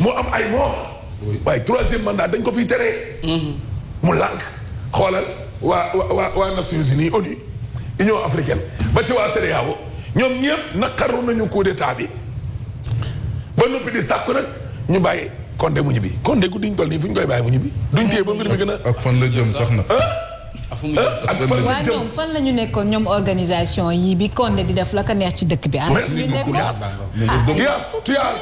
moo am ay mort waaye troisième mandat dañ ko fi teree. Mhm. mu lànk xoolal waa waa waa Nations Unies ONU Union africaine ba ci waa CEDEAO ñoom ñëpp naqaru nañu coup d'état bi ba noppi di sàkku nag ñu bàyyi Condé mu ñibbi Condé ku duñ toll nii fu ñu koy bàyyi mu ñibbi duñ téye ba mbir mi gën a. ak fan la jëm sax na. waa ñoom fan la ñu nekkoon ñoom organisation yi bi Condé di def la ka neex ci dëkk bi. Ah, merci beaucoup Yaas ah, ah, Yaas tu as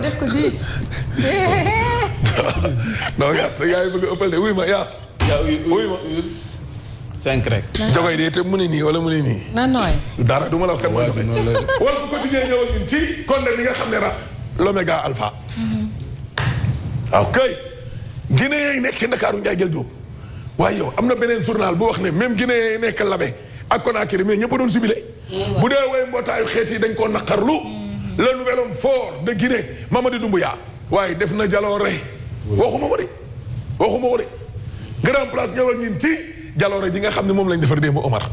def ko dix. non Yaas yaa bëgg a ëppal de oui ma Yaas. wuy cinq rek. jogoy de te mu ne nii wala mu ne nii. na nooy. dara la wax wala bu continuer ñëwal ñun nga xam ne rap l'oméga alpha. Mm-hmm. kay. Guinée yi nekk Ndakaaru Ndiaye jël Diop. waaye yow am na beneen journal bu wax ne même Guinée yi nekk Labé ak Conakry mais ñëpp doon jubilé. Mm-hmm. bu dee woy mbootaayu xeet yi dañ koo naqarlu. Mm-hmm. le nouvel homme fort de Guinée Mamadi Doumbouya waaye def na jaloore. waxuma ko waxuma ko grand place ñëwal ñun ci jaloore ji nga xam ne moom lañ defar démb Omar.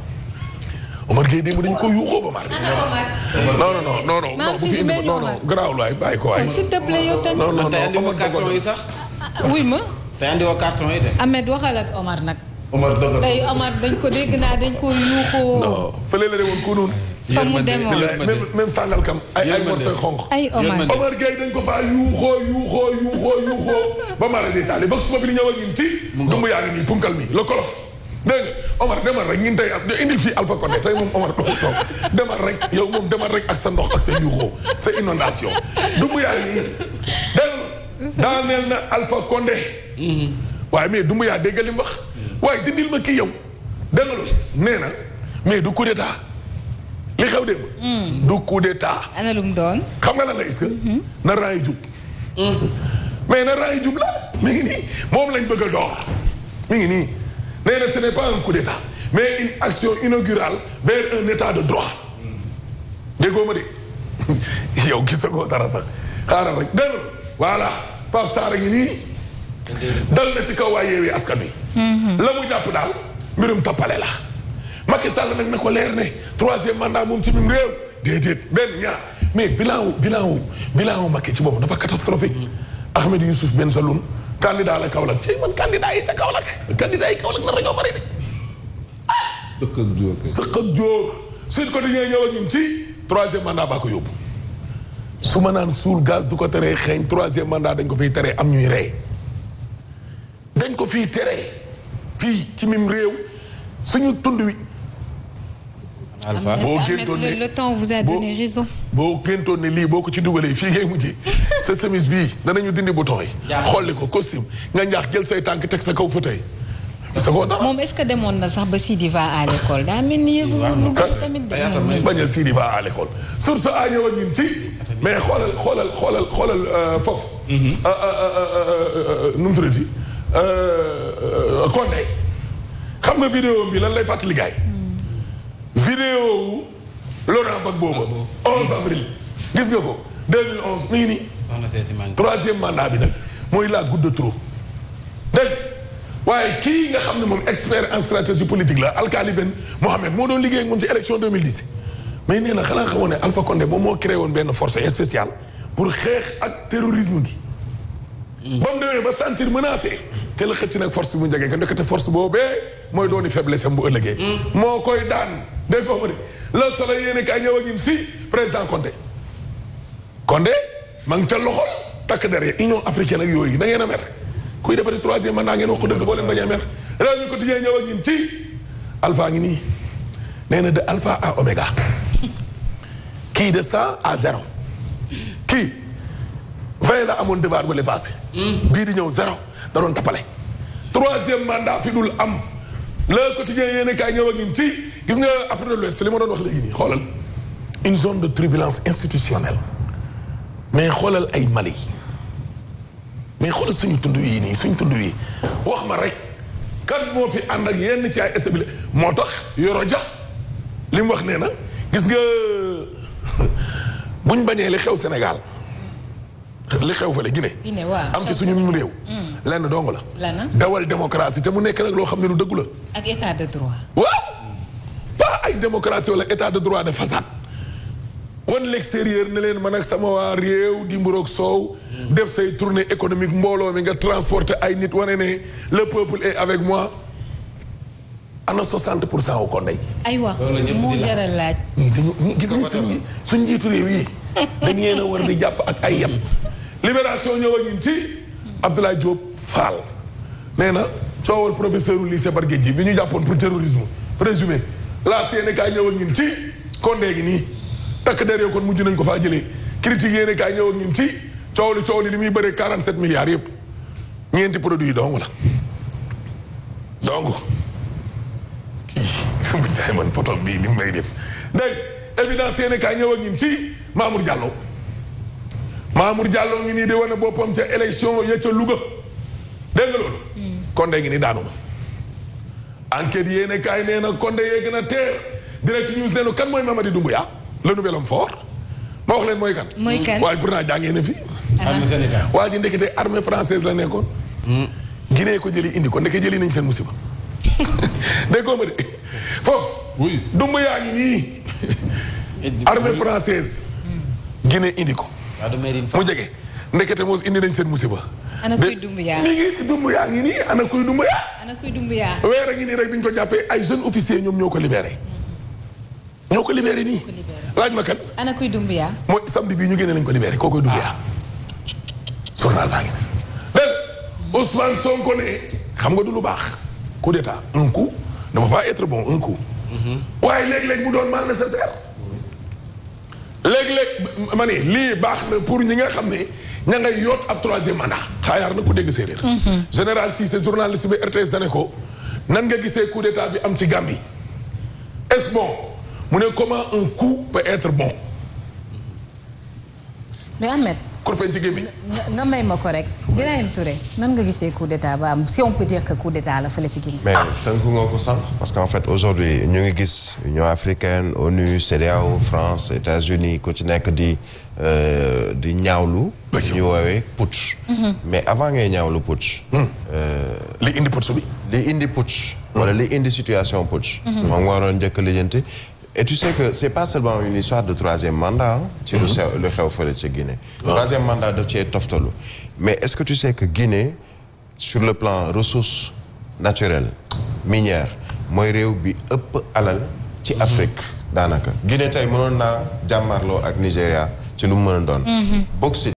Omar Gueye démb dañu ko yuuxoo ba mar. non non non non non bu fi indi non non garaawul waay bàyyi ko waay. s'il te plaît yow tamit. Ah, ma. te andi woo carton yi de. Ahmed waxal ak Omar nag. Omar dëgg ko dégg naa dañ ko yuuxoo. non la de woon ko noonu. fa mu demoon même même Sangalkam ay ay morsoy xonq. ay Omar Omar Gueye dañ ko faa yuuxoo yuuxoo yuuxoo yuuxoo ba mara di taali ba suba bi di ñëw ak ñun ci. dumbu yaa ngi nii punkal mi le ñun tey indil fii Alpha Condé tey moom Omar doo toog demal rek yow moom demal rek ak sa ndox ak sa yuuxoo sa inondation dumbu yaa ngi nii dégg nga daaneel na Alpha Condé. Mm-hmm. waaye mais dumbu yaa dégg li mu wax. Mm-hmm. waaye dindil ma kii yow dégg nga na mais du coup li xew démb. Hmm. du coup d'état. ana doon. xam nga lan la est-ce que. Hmm. na raay jub. mais na raay jub la mi ngi nii moom lañ bëgg a door mu ngi nii nee na ce pas un coup d'état mais une action inaugurale vers un état de droit. déggoo ma de yow gisagoo dara sax xaaral rek dégg nga voilà Pape Sarr ngi nii. dal na ci kaw waa yeewee askan wi. Hmm. la mu jàpp daal mbirum tappale la. Macky Sall nag na ko leer ne troisième mandat moom ci mim réew déedéet mais bilan wu bilan wu bilan wu Macky ci boppam dafa catastrophique Ahmed Youssouf Ben Saloum candidat la Kaolack ci man candidat yi ca Kaolack candidat yi Kaolack na rañoo bari ak jóor sëq ak jóor suñ ko diñee ci troisième mandat baa ko yóbbu su ma naan suul gaz du ko teree xeeñ troisième mandaa dañ ko fii teree am ñuy rey dañ ko fiy teree fii ci mim réew suñu tund wi alpha boo gëntoon ne le temps boo gëntoon ne lii boo ko ci dugalee fii ngay mujjee sa chemise bii danañu dindi bouton yi. xolli ko costume nga ñaax jël say tànk teg sa kaw sa fa tey. moom est-ce que demoon na sax ba Sidi va à l'école daa mel ni yëngu tamit de. bañ a Sidi va à l'école sur ce a ñëwoon ñun ci mais xoolal xoolal xoolal xoolal euh, foofu. Mm-hmm. Euh, euh, nu mu tuddati xam nga vidéo bi lan lay fàttali gars vidéo wu Laurent Gbagbo booba 11 ah avril gis nga ko 2011 mi ngi nii troisième mandat bi nag mooy la goutte de trop dégg waaye kii nga xam ne moom expert en stratégie politique la alkaali benn Mohamed moo doon liggéey ak moom ci élection 2010 mais nee na xanaa xamoon ne Alpha Condé moom moo créé woon benn force spéciale pour xeex ak terrorisme gi hmm. ba mu demee ba sentir menacé te la xëcci nag force bu njëgee nga ndekkate force boobee mooy dooni faiblesse am bu ëllëgee hmm. moo koy daan dégg nga de le soleil yéen kay ñëw ak ñun ci président Condé Condé maa ca loxo takk der Union africaine ak yooyu da na a mer kuy defati troisième mandat ngeen wax ko dëgg boo leen bañ mer réew ngi nii nee na de alpha à de cent à zéro kii vingt la amoon devoir wala passé bii di ñëw zéro da doon tappale troisième mandat fi dul am le quotidien yéen kay ñëw ak ñun ci gis nga Afrique de l'Ouest li ma doon wax léegi nii xoolal une zone de turbulence institutionnelle mais xoolal ay Mali mais xoolal suñu tund yi nii suñu tund yi wax ma rek kan moo fi ànd ak yenn ci ay stabilité moo tax yoro jax li mu wax nee na gis nga buñ bañee li xew Sénégal li xew fële Guinée. Guinée waaw am ci suñu réew. Mm. lenn dong la. dawal démocratie te mu nekk nag loo xam ne lu dëggu la. ay démocratie wala état de droit de façade wan l'extérieur ne leen man ak sama waa réew di mburoog soow def say tournée économique mbooloo mi nga transporter ay nit wane ne le peuple est avec moi ana 60 pour cent wu ko ndey. aywa moo jaral laaj. gis nga suñu suñu njiitu réew yi dañ leen a war li jàpp ak ay yem. libération ñëw ak ñun ci Abdoulaye Diop Fall nee na coowal professeur lycée Barguet ji bi ñu jàppoon pour terrorisme présumé. la CNK ñëw ak ñun ci Condé gi nii takk der yoo kon mujj nañ ko faa jëlee critique yéen kaay ñëw ak ñun ci coow li coow li li muy bëree 47 milliards yëpp ñeenti produit yi dong la donc kii bu jaay man photo bii ni may def dégg évidence yéen kaay ñëw ak ñun ci Mamour jàlloo Mamour Diallo ngi nii di wane boppam ca élection ya ca Louga dégg nga loolu Condé hmm. nii daanu enquête yéene kaay nee na Condé yéeg teer direct news nee na kan mooy Mamadi Doumbouya le nouvel homme fort ma wax leen mooy kan. mooy kan waaye pourtant jàngee na fi. armée Sénégal waa ji ndekete armée française la nekkoon. Hmm. Guinée ko jëli indi ko ndeke jëli nañ seen musiba. dégg nga de foofu. oui Doumbouya ngi nii. armée française. Hmm. Guinée indi ko. mu jege ndekete moos indi nañ seen musiba. ana kuy Dumbuya mi ngi Dumbuya ngi nii ana kuy Dumbuya. ana weer a ngi nii rek bi ñu ko jàppee ay jeunes officiers ñoom ñoo ko libéré. ñoo ko libéré nii. laaj ma kan. ana kuy Dumbuya. mooy samedi bi ñu génne lañ ko libéré koo koy Dumbuya. Ah. journal baa ngi nii. dégg Ousmane Sonko ne xam nga du lu baax. coup d'état un coup ne va pas être bon un coup. Mhm. waaye léeg-léeg mu doon mal nécessaire. léegi léeg ma ne lii baax na pour ñi nga xam ne ña ngay yoot ab troisième mandat xaayaar na ku dégg séeréer mhm. général Cissé journaliste bi RTS dane ko nan nga gisee coup d'état bi am ci Gambie est bon mu ne comment un coup peut être bon kurpeñ ci gémmiñ nga may ma ko nga gisee coup d'état ba am si on peut dire que coup d'état ngi gis Union africaine ONU CEDEAO France États-Unis ku ci nekk di euh, di ñaawlu li ñu woowee putsch mhm. mais avant ngay ñaawlu putsch hmm. euh, li indi putsch bi li indi putsch wala li indi situation putsch mhm. moom nga waroon njëkk lijjanti et tu sais que c'est pas seulement une histoire de troisième mandat ci lu xew lu xew fële ca Guinée troisième mandat daf cee toftalu mais est-ce que tu sais que Guinée sur le plan ressources naturelles minières mooy réew bi ëpp alal ci mhm. Afrique daanaka Guinée tey mënoon naa jàmmarloo ak Nigéria ci lu mu mën doon mhm.